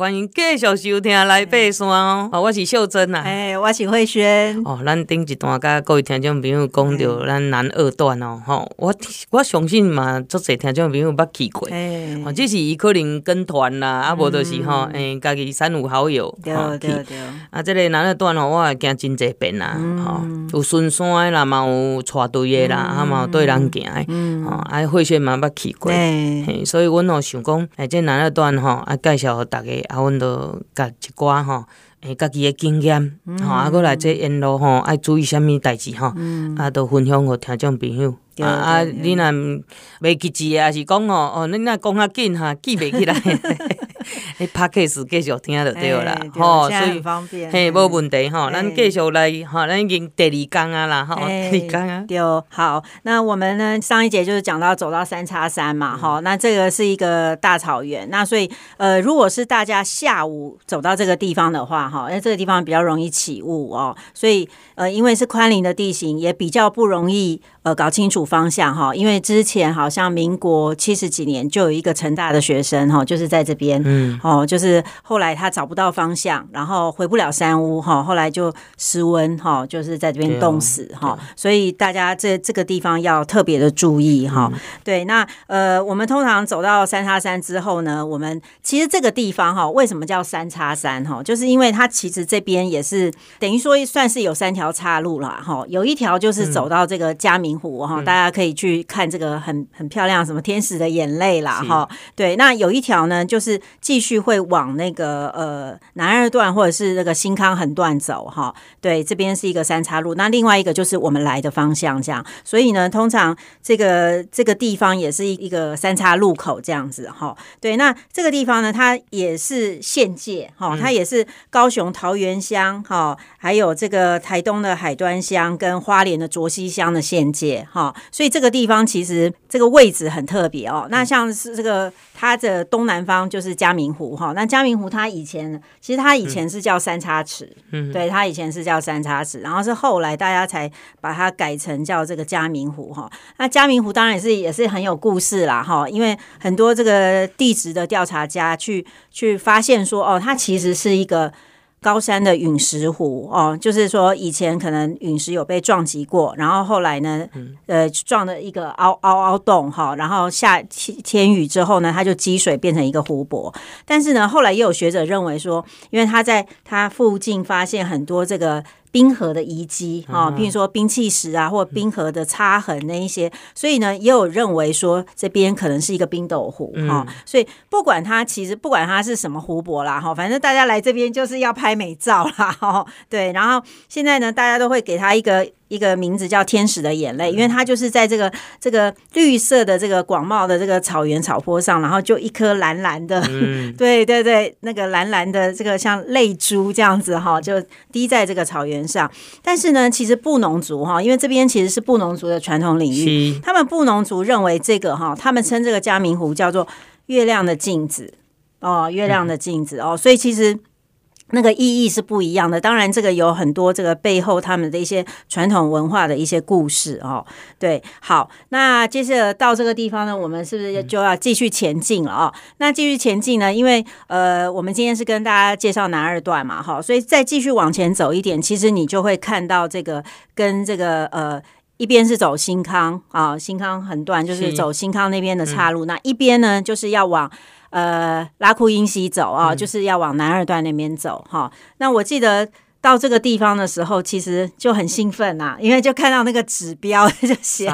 歡迎繼續收聽來爬山哦！啊，我是秀真吶。哎，我是慧諼。哦，咱頂一段甲各位聽眾朋友講着咱南二段哦，吼，我我相信嘛，足儕聽眾朋友捌去過。哦，這是伊可能跟團啦，啊，無著是吼，哎，家己三五好友。對對對。啊，即個南二段吼，我也行真儕遍啦，吼，有順山啦，嘛有帶隊個啦，啊，嘛有綴人行。誒。哦，啊，慧諼嘛捌去過。對。所以，阮著想講，哎，即個南二段吼，啊，介紹互逐個。啊，阮著甲一寡吼、哦，誒，家己誒經驗吼，啊，擱來遮沿路吼、哦，愛注意啥物代志吼，嗯、啊，著分享互聽眾朋友。啊，對啊，對你若袂記住，也是講吼，哦，你若講較緊哈，記袂起來。 Podcast 繼續聽就對了，吼、欸，所以、哦、方便，嘿以，無、欸、問題哈，欸、咱繼續來，哈，咱已經第二講啊啦，哈、哦，欸、第二講啊、欸，對，好，那我們呢，上一節就是講到走到三叉山嘛，哈、嗯哦。那這個是一個大草原，那所以呃，如果是大家下午走到這個地方的話，哈、呃，因為這個地方比較容易起霧哦，所以呃，因為是寬稜的地形，也比較不容易。呃，搞清楚方向哈，因為之前好像民國七十幾年就有一個成大的學生哈，就是在這邊，嗯，哦，就是後來他找不到方向，然後回不了山屋哈，後來就失溫哈，就是在這邊凍死哈，哦哦、所以大家這這個地方要特別的注意哈。嗯、對，那呃，我們通常走到三叉山之後呢，我們其實這個地方哈，為什麼叫三叉山哈，就是因為它其實這邊也是等於說算是有三條岔路了哈，有一條就是走到這個嘉明。湖哈，大家可以去看這個很很漂亮，什麼天使的眼淚啦哈。是對，那有一條呢，就是繼續會往那個呃南二段或者是那個新康橫段走哈。對，這邊是一個三岔路，那另外一個就是我們來的方向這樣。所以呢，通常這個這個地方也是一個三岔路口這樣子哈。對，那這個地方呢，它也是縣界哈，它也是高雄桃源鄉哈，還有這個台東的海端鄉跟花蓮的卓溪鄉的縣界。姐哈，所以這個地方其實這個位置很特別哦。那像是這個它的東南方就是嘉明湖哈。那嘉明湖它以前其實它以前是叫三叉池，嗯，對，它以前是叫三叉池，然後是後來大家才把它改成叫這個嘉明湖哈。那嘉明湖當然也是也是很有故事啦哈，因為很多這個地質的調查家去去發現說哦，它其實是一個。高山的隕石湖哦，就是說以前可能隕石有被撞擊過，然後後來呢，呃，撞了一個凹凹凹洞哈，然後下天雨之後呢，它就積水變成一個湖泊。但是呢，後來也有學者認為說，因為他在他附近發現很多這個。冰河的遺跡，哈，譬如說冰磧石啊，或冰河的擦痕那一些，所以呢，也有認為說這邊可能是一個冰斗湖，哈、嗯，所以不管它其實不管它是什麼湖泊啦，哈，反正大家來這邊就是要拍美照啦，哦，對，然後現在呢，大家都會給它一個。一個名字叫天使的眼淚，因為它就是在這個這個綠色的這個廣袤的這個草原草坡上，然後就一顆藍藍的，嗯、 對對對，那個藍藍的這個像淚珠這樣子哈，就滴在這個草原上。但是呢，其實布農族哈，因為這邊其實是布農族的傳統領域，是他們布農族認為這個哈，他們稱這個嘉明湖叫做月亮的鏡子哦，月亮的鏡子、嗯、哦，所以其實。那個意義是不一樣的，當然這個有很多這個背後他們的一些傳統文化的一些故事哦。對，好，那接下來到這個地方呢，我們是不是就要繼續前進了啊、哦？嗯、那繼續前進呢，因為呃，我們今天是跟大家介紹南二段嘛，哈、哦，所以再繼續往前走一點，其實你就會看到這個跟這個呃，一邊是走新康啊、哦，新康橫斷，就是走新康那邊的岔路，嗯、那一邊呢就是要往。呃，拉庫音溪走啊、哦，嗯、就是要往南二段那邊走哈、哦。那我記得到這個地方的時候，其實就很興奮吶、啊，因為就看到那個指標就寫。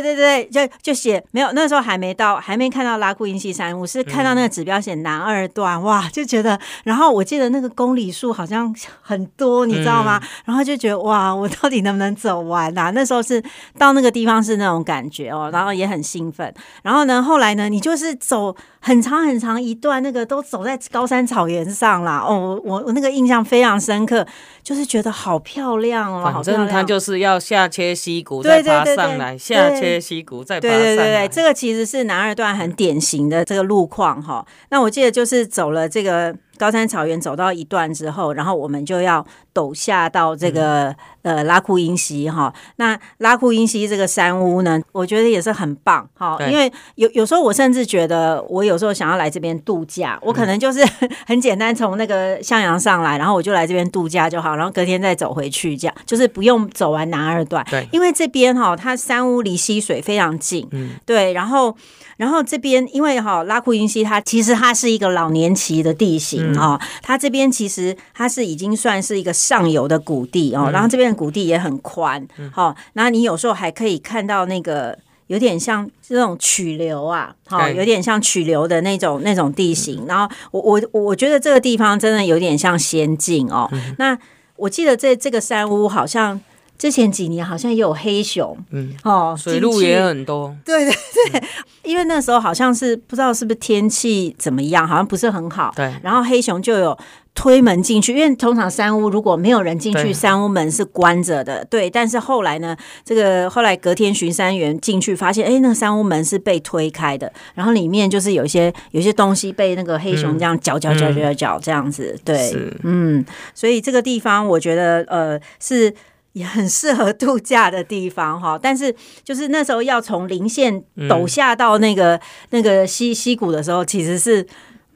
對對對，就就寫沒有，那時候還沒到，還沒看到拉庫音溪山，我是看到那個指標寫南二段，嗯、哇，就覺得，然後我記得那個公里數好像很多，你知道嗎？嗯、然後就覺得哇，我到底能不能走完啊？那時候是到那個地方是那種感覺哦、喔，然後也很興奮。然後呢，後來呢，你就是走很長很長一段，那個都走在高山草原上啦，哦、喔，我我那個印象非常深刻，就是覺得好漂亮哦、喔。好像他就是要下切溪谷再爬上來，對對對對，下。在溪谷，在對對對對，這個其實是南二段很典型的這個路況哈。那我記得就是走了這個。高山草原，走到一段之後，然後我們就要陡下到這個、嗯、呃拉庫音溪哈。那拉庫音溪這個山屋呢，我覺得也是很棒哈，對因為有有時候我甚至覺得，我有時候想要來這邊度假，嗯、我可能就是很簡單從那個向陽上來，然後我就來這邊度假就好，然後隔天再走回去，這樣就是不用走完南二段。對，因為這邊哈、哦，它山屋離溪水非常近，嗯、對，然後。然後這邊，因為哈，拉庫音溪，它其實它是一個老年期的地形哈、嗯哦，它這邊其實它是已經算是一個上游的谷地哦，嗯、然後這邊的谷地也很寬，好、嗯，那、哦、你有時候還可以看到那個有點像這種曲流啊，好、嗯哦，有點像曲流的那種那種地形，嗯、然後我我我覺得這個地方真的有點像仙境哦，嗯、那我記得這這個山屋好像。之前幾年好像也有黑熊，嗯，哦去，水路也很多，對對對，嗯、因為那時候好像是不知道是不是天氣怎麼樣，好像不是很好，對。然後黑熊就有推門進去，因為通常山屋如果沒有人進去，對山屋門是關着的，對。但是後來呢，這個後來隔天巡山員進去發現，哎、欸，那個山屋門是被推開的，然後裡面就是有一些有一些東西被那個黑熊這樣攪攪攪攪攪這樣子，嗯嗯、對，是嗯，所以這個地方我覺得呃是。也很適合度假的地方哈，但是就是那時候要從林線陡下到那個、嗯、那個溪溪谷的時候，其實是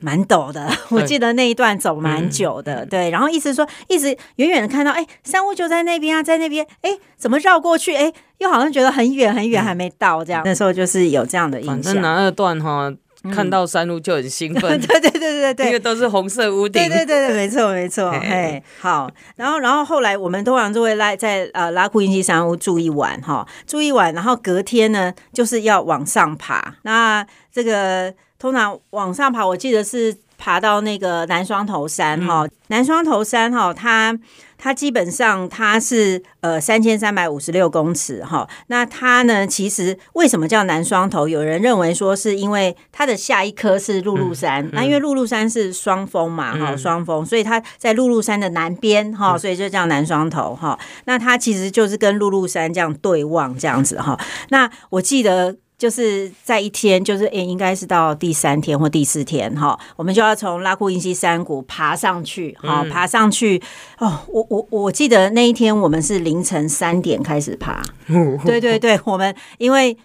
蠻陡的。對我記得那一段走蠻久的，嗯、對。然後一直說，一直遠遠的看到，哎、欸，山屋就在那邊啊，在那邊，哎、欸，怎麼繞過去？哎、欸，又好像覺得很遠很遠，還沒到這樣。嗯、那時候就是有這樣的印象。反正南二段哈。看到山屋就很興奮， 對，對對對對對，因為都是紅色屋頂。 對對對對，沒錯沒錯。哎， 好。然後然後後來我們通常就會來在呃拉庫音溪山屋住一晚哈，住一晚，然後隔天呢就是要往上爬。那這個通常往上爬，我記得是。爬到那個南雙頭山哈，嗯、南雙頭山哈，它它基本上它是呃三千三百五十六公尺哈，那它呢其實為什麼叫南雙頭？有人認為說是因為它的下一顆是轆轆山，那、嗯嗯、因為轆轆山是雙峰嘛哈，雙峰，所以它在轆轆山的南邊哈，所以就叫南雙頭哈。那它其實就是跟轆轆山這樣對望這樣子哈。那我記得。就是在一天，就是、欸、應該是到第三天或第四天哈，我們就要從拉庫音溪山谷爬上去哈，爬上去哦，我我我記得那一天我們是凌晨三點開始爬，嗯、對對對，我們因為。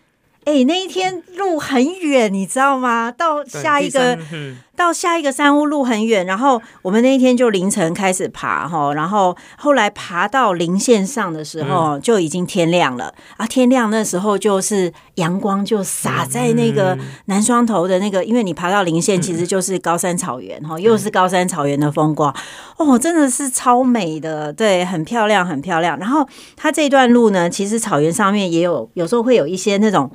哎，那一天路很遠，你知道嗎？到下一個，嗯、到下一個山屋路很遠。然後我們那一天就凌晨開始爬哈，然後後來爬到林線上的時候就已經天亮了、嗯、啊！天亮那時候就是陽光就灑在那個南雙頭的那個，嗯、因為你爬到林線其實就是高山草原哈，嗯、又是高山草原的風光哦，真的是超美的，對，很漂亮，很漂亮。然後它這段路呢，其實草原上面也有，有時候會有一些那種。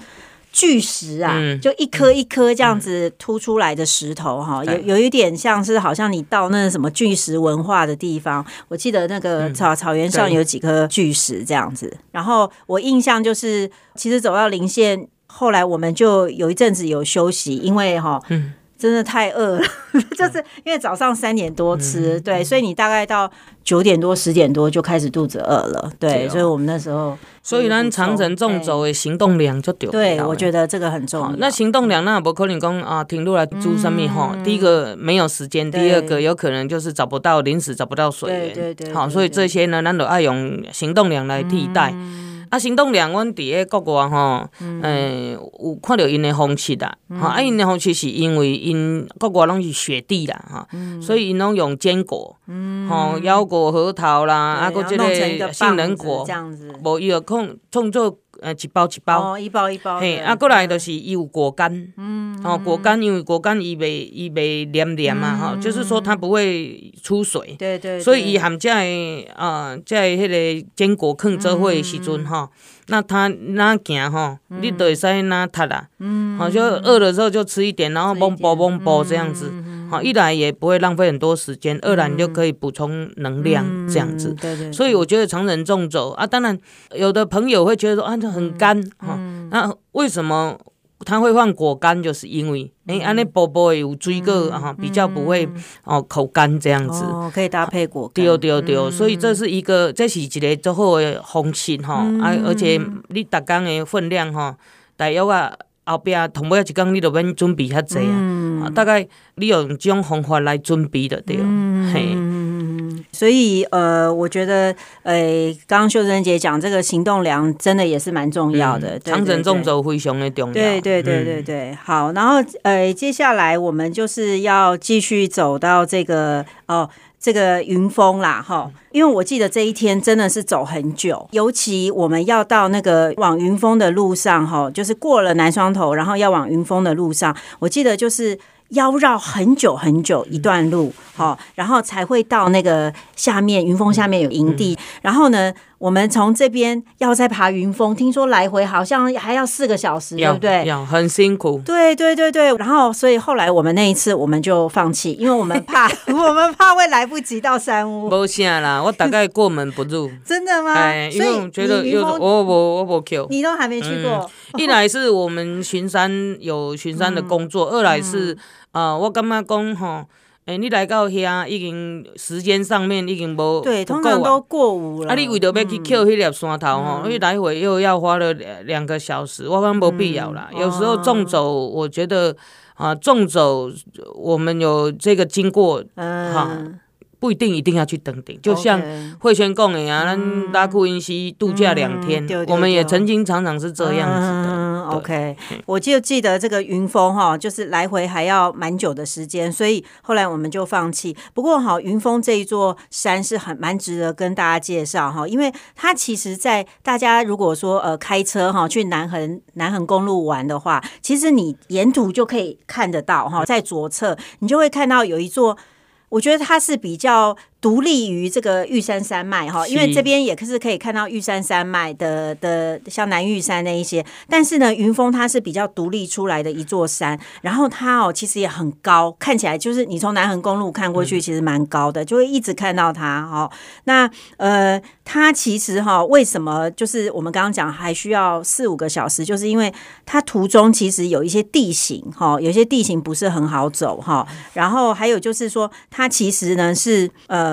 巨石啊，就一顆一顆這樣子凸出來的石頭哈，嗯嗯嗯、有有一點像是好像你到那什麼巨石文化的地方，我記得那個草草原上有幾顆巨石這樣子。嗯、然後我印象就是，其實走到稜線，後來我們就有一陣子有休息，因為哈。嗯真的太餓了，就是因為早上三點多吃，對，所以你大概到九點多十點多就開始肚子餓了，對，所以我們那時候，所以呢，長程縱走的行動糧就丟了，對，我覺得這個很重要。那行動糧那也不可能講啊停落來煮上面哈，第一個沒有時間，第二個有可能就是找不到，臨時找不到水源，對對對，好，所以這些呢，那都愛用行動糧來替代。啊，行動糧，阮佇誒國外吼，誒、呃，有看着因誒方式啦，吼、嗯，啊，因誒方式是因為因國外攏是雪地啦，吼，所以因攏用堅果，吼，腰果、核桃啦，對啊，擱這個杏仁果，無伊個控，創做。呃，一包一包，一包一包。嘿，啊，過來就是有果乾。嗯。哦，果乾因為果乾伊袂伊袂黏黏嘛，哈，就是說它不會出水。對對。所以伊含這的呃這的迄個堅果坑做伙的時陣哈，那它哪行哈，你都會使哪吃啦。嗯。好像餓的時候就吃一點，然後嘣嘣嘣嘣這樣子。好，一來也不會浪費很多時間，二來你就可以補充能量這樣子。對對、嗯。所以我覺得長程縱走啊，當然有的朋友會覺得說啊，這很乾哈。那、啊嗯、為什麼他會放果乾？就是因為誒，安尼寶波有水果哈，比較不會哦口乾這樣子、嗯。哦，可以搭配果乾。對對。所以這是一個，這是一個最好的風氣哈。啊，而且你大干的分量哈，大約啊。後壁同尾一工你著免準備遐濟啊，大概你用即種方法來準備著對、嗯。所以，呃，我覺得，呃，剛剛秀真姐講這個行動糧真的也是蠻重要的，長程縱走非常的重要。對對對對，對對對對對，好，然後，呃，接下來我們就是要繼續走到這個哦，這個雲峰啦，哈，因為我記得這一天真的是走很久，尤其我們要到那個往雲峰的路上，哈，就是過了南雙頭，然後要往雲峰的路上，我記得就是。腰繞很久很久一段路，好，然後才會到那個下面雲峰下面有營地，然後呢？我們從這邊要再爬雲峰，聽說來回好像還要四個小時，對不對？要，要很辛苦。對對對對，然後所以後來我們那一次我們就放棄，因為我們怕 我們怕會來不及到山屋。不行啦，我大概過門不入。 真的嗎？哎、所以因為我覺得有，峰我我我沒去，你都還沒去過、嗯。一來是我們巡山、哦、有巡山的工作，二來是啊、嗯呃，我干覺講哎，你來到遐已經時間上面已經無夠啊！啊，你為着要去撿迄粒山頭吼，你來回又要花了兩兩個小時，我講沒必要啦。有時候縱走，我覺得啊，縱走我們有這個經過，哈，不一定一定要去登頂。就像慧諼公園啊，拉庫音溪度假兩天，我們也曾經常常是這樣子的。OK，我就記得這個雲峰哈，就是來回還要蠻久的時間，所以後來我們就放棄。不過哈，雲峰這一座山是很蠻值得跟大家介紹哈，因為它其實在，在大家如果說呃開車哈去南橫南橫公路玩的話，其實你沿途就可以看得到哈，在左側你就會看到有一座，我覺得它是比較。獨立於這個玉山山脈哈，因為這邊也是可以看到玉山山脈的的是像南玉山那一些，但是呢，雲峰它是比較獨立出來的一座山，然後它哦其實也很高，看起來就是你從南橫公路看過去其實蠻高的，嗯、就會一直看到它哈。那呃，它其實哈為什麼就是我們剛剛講還需要四五個小時，就是因為它途中其實有一些地形哈，有些地形不是很好走哈，然後還有就是說它其實呢是呃。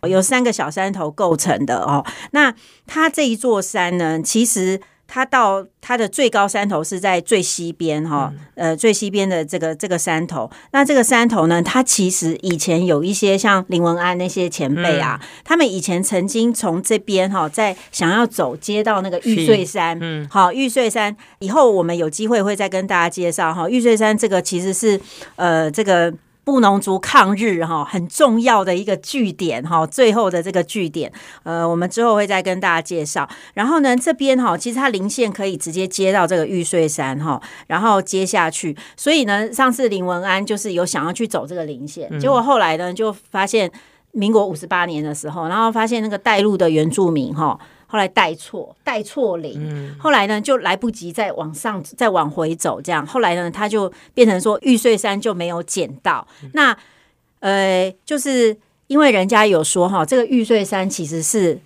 呃，有三個小山頭構成的哦。那它這一座山呢，其實它到它的最高山頭是在最西邊哈、哦。嗯、呃，最西邊的這個這個山頭，那這個山頭呢，它其實以前有一些像林文安那些前輩啊，嗯、他們以前曾經從這邊哈、哦，在想要走接到那個玉穗山。嗯，好、哦，玉穗山以後我們有機會會再跟大家介紹哈、哦。玉穗山這個其實是呃這個。布農族抗日哈，很重要的一個據點哈，最後的這個據點，呃，我們之後會再跟大家介紹。然後呢，這邊哈，其實它稜線可以直接接到這個玉穗山哈，然後接下去，所以呢，上次林文安就是有想要去走這個稜線，嗯、結果後來呢，就發現民國五十八年的時候，然後發現那個帶路的原住民哈。後來帶錯帶錯零，嗯、後來呢就來不及再往上再往回走，這樣後來呢他就變成說玉穗山就沒有撿到。那呃，就是因為人家有說哈，這個玉穗山其實是。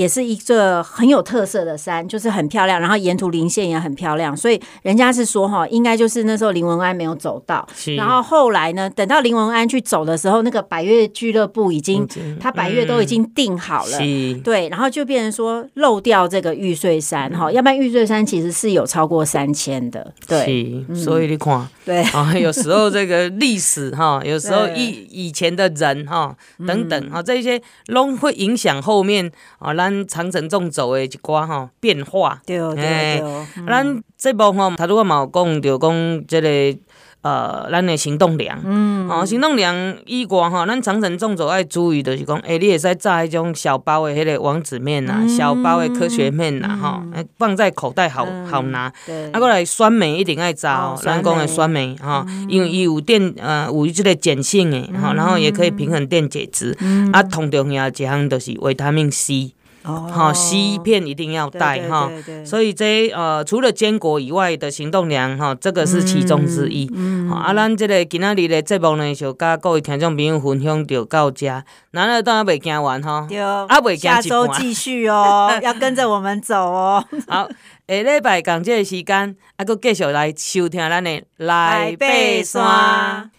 也是一個很有特色的山，就是很漂亮，然後沿途林線也很漂亮，所以人家是說哈，應該就是那時候林文安沒有走到，是然後後來呢，等到林文安去走的時候，那個百岳俱樂部已經、嗯、他百岳都已經定好了，嗯、對，然後就變成說漏掉這個玉穗山哈，要不然玉穗山其實是有超過三千的，對，是嗯、所以你看，對 啊，有時候這個歷史哈，有時候以以前的人哈等等哈，這些攏會影響後面啊，長程縱走的一寡吼，變化，對哦對哦對哦。咱這部分吼頭，拄我嘛有講着講即個呃咱的行動糧嗯哦行動糧以外吼，咱長程縱走愛注意就是講誒，你也可以炸迄種小包的迄個王子麵啊，小包的科學麵啊哈，放在口袋好好拿。啊，過來酸梅一定愛炸，咱講的酸梅哈，因為伊有電呃有即個鹼性誒，然後也可以平衡電解質，啊，同重要一項就是維他命 C。哦，西片一定要帶哈，對對對對對，所以這呃，除了堅果以外的行動糧哈，這個是其中之一。好、嗯，阿、嗯、蘭、啊、這個今天的節目呢，就甲各位聽眾朋友分享到到這，哪了都還未聽完哈，啊、對，阿未聽完一完，下周繼續哦， 要跟着我們走哦。 好，下禮拜同這個時間還佫、啊、繼續來收聽咱的來爬山。